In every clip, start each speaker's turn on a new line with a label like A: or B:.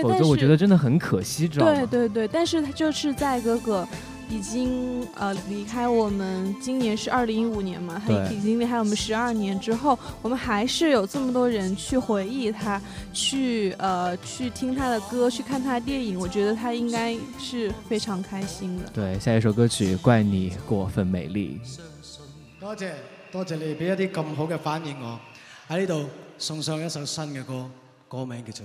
A: 否則我覺得真的很可惜，知道嗎？對
B: 對對，但是他就是在哥哥已經呃離開我們，今年是二零一五年嘛，對他已經離開我們十二年之後，我們還是有這麼多人去回憶他，去呃去聽他的歌，去看他的電影，我覺得他應該是非常開心的。
A: 對，下一首歌曲《怪你過分美麗》
C: 多。多謝多謝你，俾一啲咁好嘅反應我，我喺呢度送上一首新嘅歌，歌名叫做。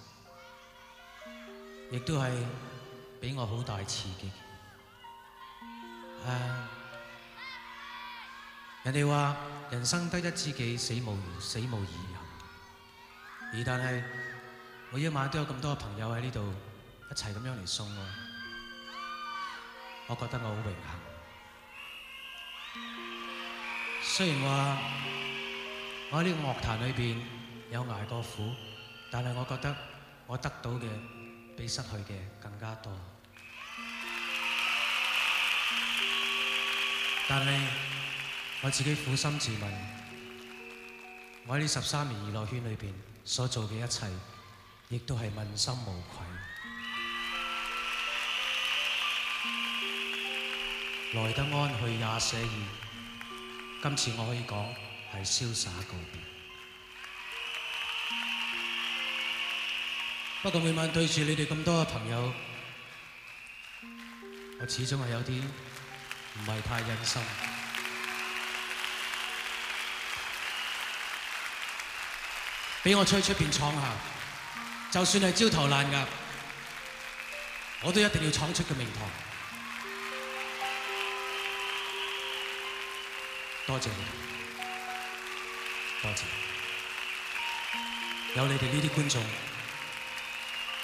C: 亦都係俾我好大刺激的。誒，人哋話人生得一知己，死無死無遺憾。而但係，每一晚都有咁多朋友喺呢度一齊咁樣嚟送我，我覺得我好榮幸。雖然話我喺呢個樂壇裏面有捱過苦，但係我覺得我得到嘅，比失去嘅更加多，但係我自己苦心自問，我喺呢十三年娛樂圈裏邊所做嘅一切，亦都係問心無愧。來得安，去也寫意。今次我可以講，係瀟灑告別。不過每晚對住你哋咁多嘅朋友，我始終係有啲唔係太忍心，俾我出去出邊闖下，就算係焦頭爛額，我都一定要闖出個名堂。多謝你哋，多謝，有你哋呢啲觀眾。